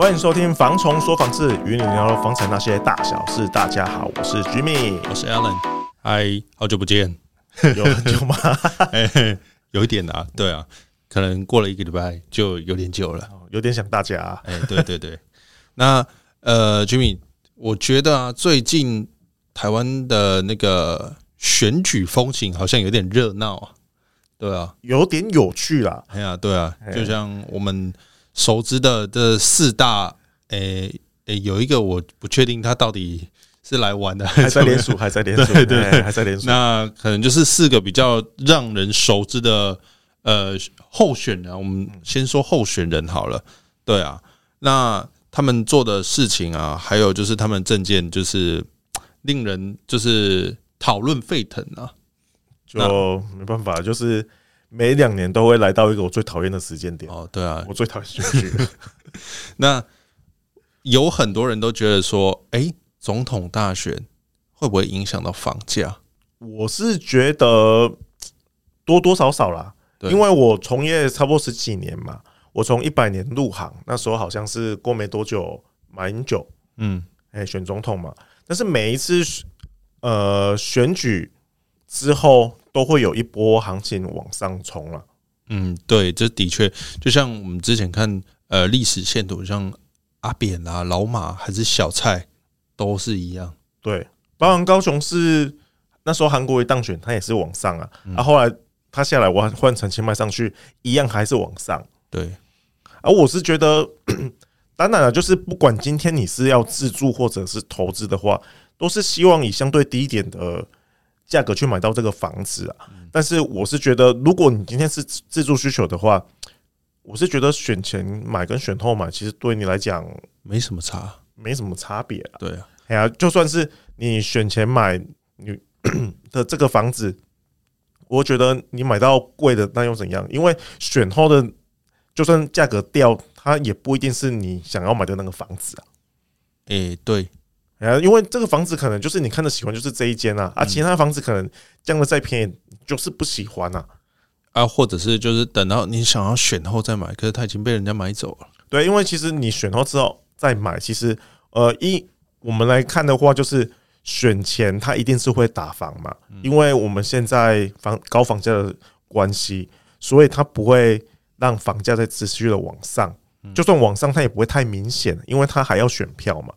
歡迎收聽《房蟲說房事》，與你聊聊房產那些大小事。大家好，我是 Jimmy，我是 Alan，嗨，Hi, 好久不見，有很久嗎、 欸？有一點啊，對啊，可能過了一個禮拜就有點久了，有點想大家啊。啊、欸、對對對， 那呃，Jimmy，我覺得啊，最近台灣的那個選舉風情好像有點熱鬧啊,啊，對啊，有點有趣啊。哎呀，對啊，就像我們。熟知的這四大，誒誒、欸欸，有一個我不確定他到底是來玩的還是，還在連署，還在連署， 對，對，對，還在連署。那可能就是四個比較讓人熟知的呃候選人。我們先說候選人好了，對啊，那他們做的事情啊，還有就是他們政見，就是令人就是討論沸騰啊，就那沒辦法，就是。每兩年都會來到一個我最討厭的時間點。哦，對啊,我最討厭選舉。那有很多人都覺得說，哎、欸，總統大選會不會影響到房價？我是覺得多多少少啦，對因為我從業差不多十幾年嘛，我從一百年入行，那時候好像是過沒多久，馬英九，嗯，哎、欸，選總統嘛，但是每一次呃選舉之後。都會有一波行情往上衝了。嗯，對，這的確就像我們之前看呃歷史線圖，像阿扁啊、老馬還是小蔡都是一樣。對，包含高雄是那時候韓國瑜當選，他也是往上啊。然、嗯啊、後來他下來，我還換成其邁上去，一樣還是往上。對。而我是覺得，對 當然了，就是不管今天你是要自住或者是投資的話，都是希望以相對低一點的。價格去買到這個房子啊，但是我是覺得，如果你今天是自住需求的話，我是覺得選前買跟選後買，其實對你來講沒什麼差，沒什麼差別啊，對啊，哎呀，就算是你選前買你的這個房子，我覺得你買到貴的那又怎樣？因為選後的就算價格掉，它也不一定是你想要買的那個房子啊。誒，對。因為這個房子可能就是你看的喜歡，就是這一間啊，啊，其他房子可能降的再便宜，就是不喜歡啊，啊，或者是就是等到你想要選後再買，可是它已經被人家買走了。對，因為其實你選後之後再買，其實呃，一我們來看的話，就是選前它一定是會打房嘛，因為我們現在房高房價的關係，所以它不會讓房價再持續的往上，就算往上，它也不會太明顯，因為它還要選票嘛。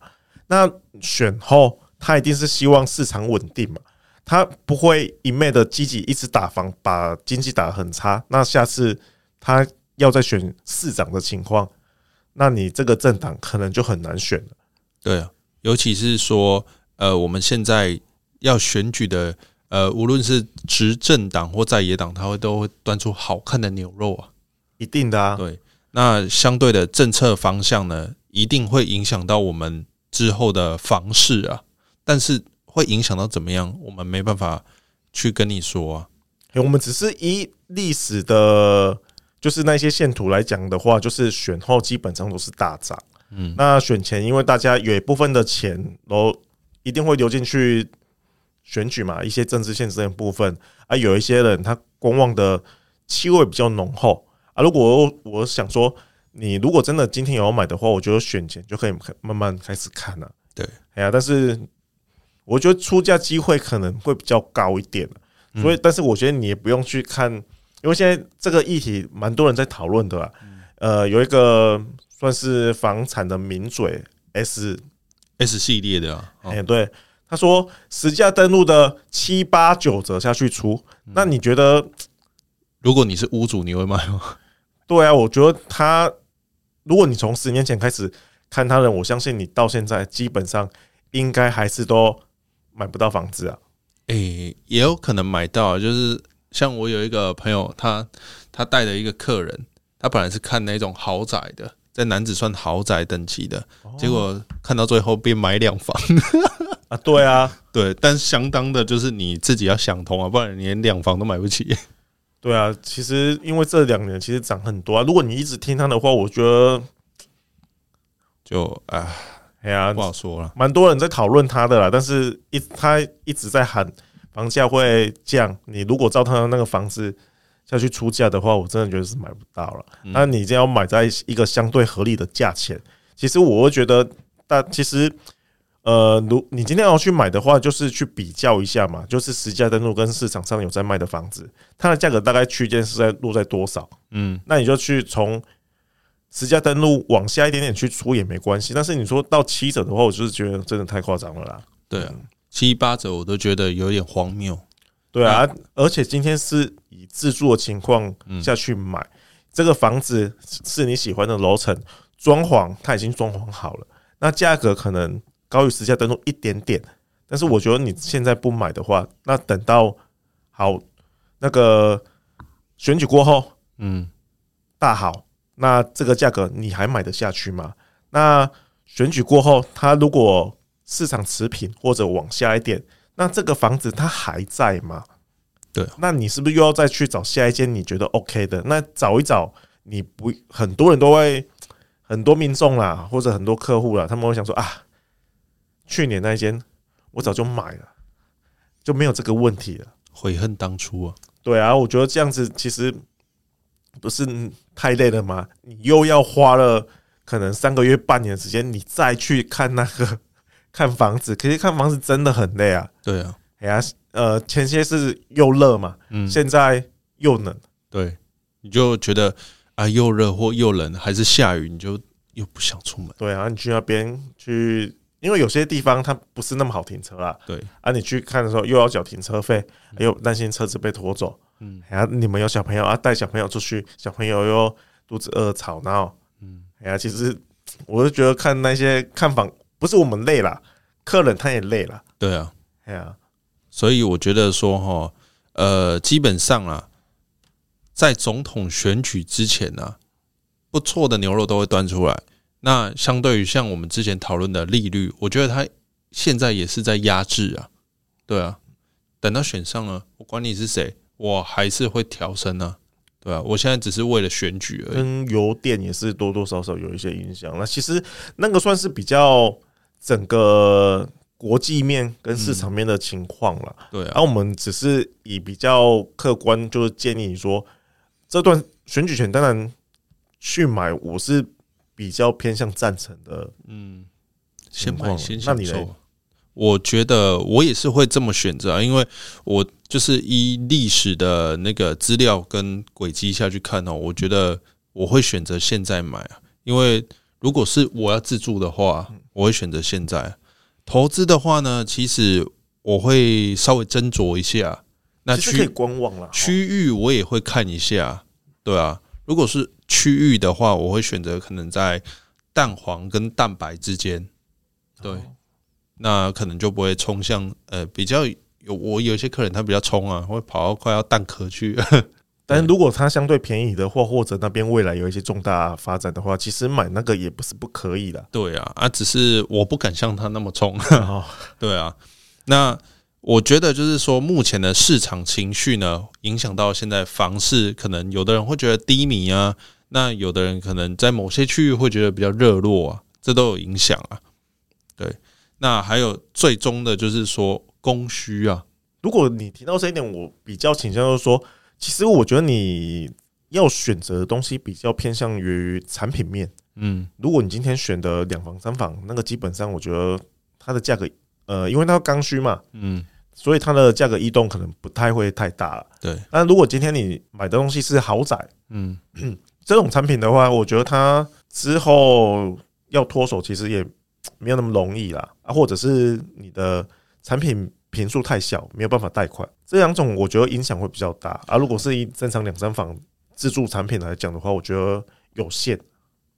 那選後，他一定是希望市場穩定嘛。他不會一味的積極一直打房，把經濟打得很差。那下次他要再選市長的情況，那你這個政黨可能就很難選了。對啊，尤其是說，呃，我們現在要選舉的，呃，無論是執政黨或在野黨，他都會端出好看的牛肉啊，一定的啊。對，那相對的政策方向呢，一定會影響到我們。之後的房市啊，但是會影響到怎麼樣，我們沒辦法去跟你說啊。欸、我們只是以歷史的，就是那些線圖來講的話，就是選後基本上都是大漲，嗯，那選前，因為大家有一部分的錢然後一定會流進去選舉嘛，一些政治獻金的部分啊，有一些人他觀望的氣味比較濃厚啊，如果我，我想說。你如果真的今天有要買的話，我覺得選前就可以慢慢開始看了。對，哎呀，但是我覺得出價機會可能會比較高一點，所以，嗯、但是我覺得你也不用去看，因為現在這個議題蠻多人在討論的吧、啊？呃，有一個算是房產的名嘴，S S, S 系列的，哎，對，他說實價登錄的七八九折下去出，那你覺得、啊嗯、如果你是屋主，你會賣嗎？對啊，我覺得他。如果你從十年前開始看他的，我相信你到現在基本上應該還是都買不到房子啊。誒、欸，也有可能買到，就是像我有一個朋友他，他他帶着一個客人，他本來是看那種豪宅的，在男子算豪宅等級的，哦、結果看到最後變買兩房 啊，對啊，對，但相當的就是你自己要想通啊，不然連兩房都買不起。對啊，其實因為這兩年其實漲很多啊。如果你一直聽他的話，我覺得就啊，哎呀，不好說了。蠻多人在討論他的啦，但是一他一直在喊房價會降。你如果照他那個房子下去出價的話，我真的覺得是買不到了。嗯、那你就要買在一個相對合理的價錢。其實我會覺得，但其實。呃，如你今天要去買的話，就是去比較一下嘛，就是實價登錄跟市場上有在賣的房子，它的價格大概區間是在落在多少？嗯，那你就去從實價登錄往下一點點去出也沒關係。但是你說到七折的話，我就是覺得真的太誇張了啦。對啊，七八折我都覺得有點荒謬。對啊，而且今天是以自住的情況下去買這個房子，是你喜歡的樓層，裝潢它已經裝潢好了，那價格可能。高於實價當中一點點，但是我覺得你現在不買的話，那等到好那個選舉過後，嗯，大好，那這個價格你還買得下去嗎？那選舉過後，它如果市場持平或者往下一點，那這個房子它還在嗎？對，那你是不是又要再去找下一間你覺得 OK 的？那找一找，你不很多人都會，很多民眾啦，或者很多客戶啦，他們會想說啊。去年那間，我早就買了，就沒有這個問題了。悔恨當初啊！對啊，我覺得這樣子其實不是太累了嗎？你又要花了可能三個月半年的時間，你再去看那個看房子，可是看房子真的很累啊。對啊，呀，呃，前些是又熱嘛，現在又冷，對，你就覺得啊，又熱或又冷，還是下雨，你就又不想出門。對啊，你去那邊去。因為有些地方它不是那麼好停車啊，對，啊，你去看的時候又要繳停車費，又擔心車子被拖走，嗯，然後，你們有小朋友啊，帶小朋友出去，小朋友又肚子餓吵鬧，嗯，哎呀，其實我就覺得看那些看房不是我們累了，客人他也累了，對啊，哎呀，所以我覺得說哈、哦，呃，基本上啊，在總統選舉之前呢、啊，不錯的牛肉都會端出來。那相對於像我們之前討論的利率，我覺得它現在也是在壓制啊，對啊，等到選上了，我管你是誰，我還是會調升啊，對啊，我現在只是為了選舉而已。跟油電也是多多少少有一些影響。那其實那個算是比較整個國際面跟市場面的情況了。對啊，而我們只是以比較客觀，就是建議你說，這段選舉權當然去買，我是。比較偏向贊成的，嗯，先買，先上，那你咧？我覺得我也是會這麼選擇，因為我就是依歷史的那個資料跟軌跡下去看哦，我覺得我會選擇現在買啊，因為如果是我要自住的話，嗯、我會選擇現在投資的話呢，其實我會稍微斟酌一下，那去觀望區域，我也會看一下，對啊，如果是。區域的話，我會選擇可能在蛋黃跟蛋白之間。對，哦、那可能就不會衝向呃比較有我有一些客人他比較衝啊，會跑到快要蛋殼去。但如果它相對便宜的話，或者那邊未來有一些重大發展的話，其實買那個也不是不可以的。對啊，啊，只是我不敢像他那麼衝。哦、對啊，那我覺得就是說，目前的市場情緒呢，影響到現在房市，可能有的人會覺得低迷啊。那有的人可能在某些區域會覺得比較熱絡啊，這都有影響啊。對，那還有最終的就是說供需啊、嗯。如果你提到這一點，我比較傾向就是說，其實我覺得你要選擇的東西比較偏向於產品面。嗯，如果你今天選的兩房三房，那個基本上我覺得它的價格，呃，因為它剛需嘛，嗯，所以它的價格異動可能不太會太大。對，那如果今天你買的東西是豪宅，嗯。這種產品的話，我覺得它之後要脫手，其實也沒有那麼容易啦。啊，或者是你的產品坪數太小，沒有辦法貸款，這兩種我覺得影響會比較大。啊，如果是以正常兩三房自住產品來講的話，我覺得有限。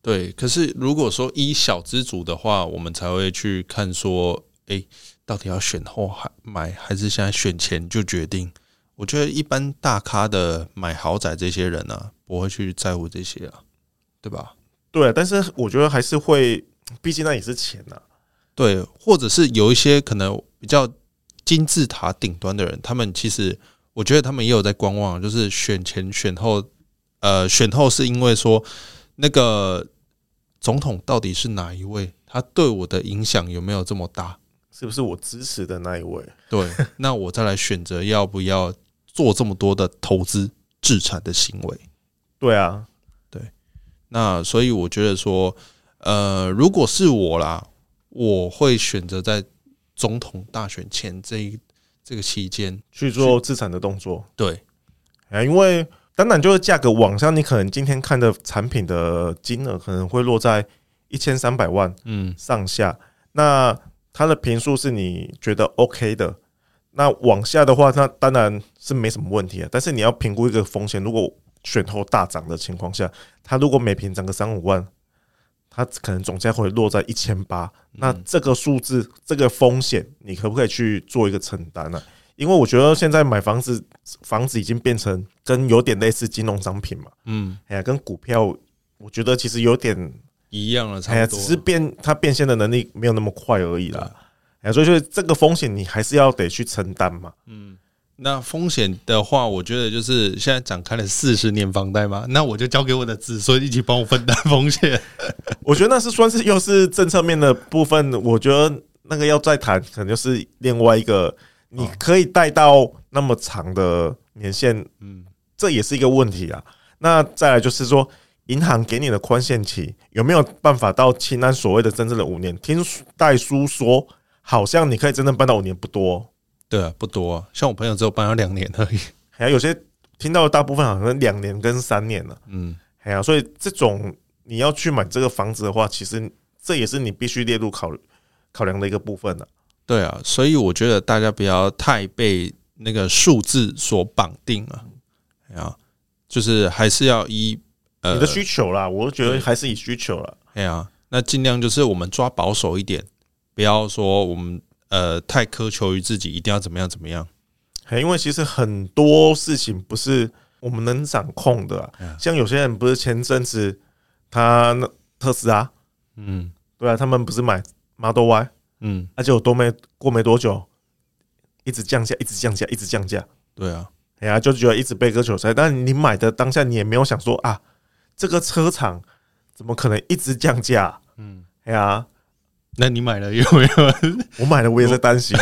對，可是如果說以小自住的話，我們才會去看說，哎、欸，到底要選後還買，還是現在選前就決定。我覺得一般大咖的買豪宅，這些人呢、啊、不會去在乎這些啊，對吧？對，但是我覺得還是會，畢竟那也是錢吶、啊。對，或者是有一些可能比較金字塔頂端的人，他們其實我覺得他們也有在觀望，就是選前選後，呃，選後是因為說那個總統到底是哪一位，他對我的影響有沒有這麼大？是不是我支持的那一位？對，那我再來選擇要不要。 做這麼多的投資置產的行為，對啊，對。那所以我覺得說，呃，如果是我啦，我會選擇在總統大選前這一這個期間去，去做置產的動作。對，因為當然就是價格往上，你可能今天看的產品的金額可能會落在一千三百萬嗯上下，嗯、那它的坪數是你覺得 OK 的。那往下的話，那當然是沒什麼問題啊。但是你要評估一個風險，如果選後大漲的情況下，它如果每坪漲個三五萬，它可能總價會落在一千八。那這個數字，這個風險，你可不可以去做一個承擔呢、啊？因為我覺得現在買房子，房子已經變成跟有點類似金融商品嘛。嗯，哎呀、啊，跟股票，我覺得其實有點一樣了，差不多、啊，只是變它變現的能力沒有那麼快而已啦。嗯嗯所以就是這個風險，你還是要得去承擔嘛。嗯，那風險的話，我覺得就是現在展開了四十年房貸嘛，那我就交給我的子孫一起幫我分擔風險。我覺得那是算是又是政策面的部分，我覺得那個要再談，可能就是另外一個，你可以貸到那麼長的年限，嗯，這也是一個問題啊。那再來就是說，銀行給你的寬限期有沒有辦法到清單所謂的真正的五年？聽代書說。好像你可以真正搬到五年不多，對啊，不多。像我朋友只有搬到兩年而已。還、啊、有些聽到的大部分好像兩年跟三年了，嗯，還有，所以這種你要去買這個房子的話，其實這也是你必須列入考考量的一個部分了。對啊，所以我覺得大家不要太被那個數字所綁定了，哎呀、啊，就是還是要依呃你的需求啦，我覺得還是以需求了，哎呀、啊，那盡量就是我們抓保守一點。不要說我們呃太苛求於自己一定要怎麼樣怎麼樣，因為其實很多事情不是我們能掌控的啊。像有些人不是前陣子他那特斯拉，嗯，對啊，他們不是買 Model Y，嗯，而且我都沒過沒多久，一直降價，一直降價，一直降價。對啊，哎呀，就覺得一直被割韭菜。但是你買的當下，你也沒有想說啊，這個車廠怎麼可能一直降價？嗯，哎呀。那你買了有沒有？我買了，我也在擔心。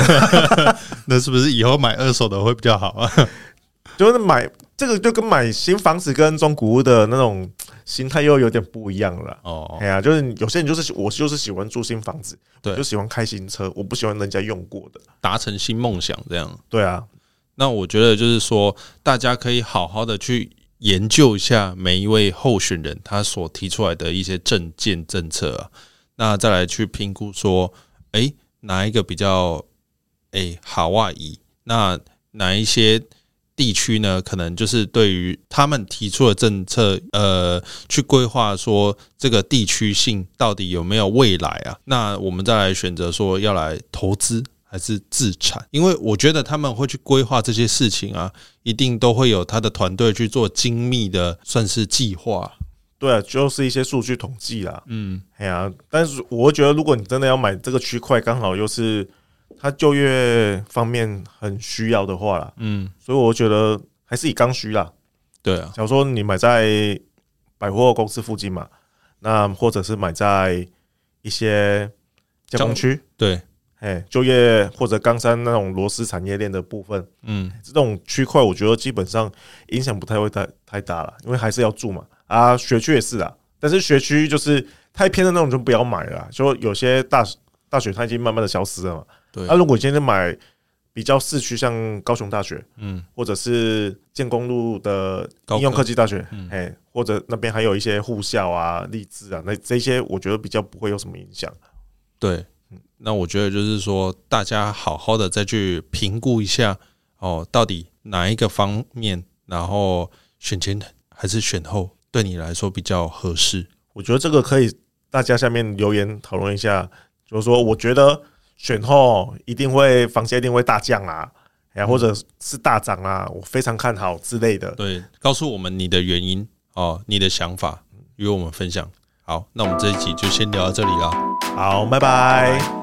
那是不是以後買二手的會比較好啊？就是買這個就跟買新房子跟中古屋的那種心態又有點不一樣了。哦，哎呀，就是有些人就是我就是喜歡住新房子，對，就喜歡開新車，我不喜歡人家用過的，達成新夢想這樣。對啊，那我覺得就是說，大家可以好好的去研究一下每一位候選人他所提出來的一些政見政策啊。那再來去評估說，哎、欸，哪一個比較哎好哇？咦、欸，那哪一些地區呢？可能就是對於他們提出的政策，呃，去規劃說這個地區性到底有沒有未來啊？那我們再來選擇說要來投資還是自住？因為我覺得他們會去規劃這些事情啊，一定都會有他的團隊去做精密的算計，算是計劃。對、啊，就是一些數據統計啦。嗯，哎呀、啊，但是我覺得，如果你真的要買這個區塊，剛好又是它就業方面很需要的話啦。嗯，所以我覺得還是以剛需啦。對啊，假如說你買在百貨公司附近嘛，那或者是買在一些加工區。對，哎，就業或者岡山那種螺絲產業鏈的部分，嗯，這種區塊我覺得基本上影響不太會太太大了，因為還是要住嘛。啊，學區也是啦，但是學區就是太偏的那種就不要買了啦，就有些大大學它已經慢慢的消失了嘛。對。那、啊、如果今天買比較市區，像高雄大學，嗯，或者是建工路的應用科技大學，哎、嗯，或者那邊還有一些護校啊、立志啊，那這些我覺得比較不會有什麼影響。對，嗯、那我覺得就是說，大家好好的再去評估一下哦，到底哪一個方面，然後選前還是選後？對你來說比較合適，我覺得這個可以大家下面留言討論一下。就是說，我覺得選後一定會房價一定會大降啊，或者是大漲啊，我非常看好之類的。對，告訴我們你的原因哦，你的想法與我們分享。好，那我們這一集就先聊到這裡了。好，拜拜。拜拜。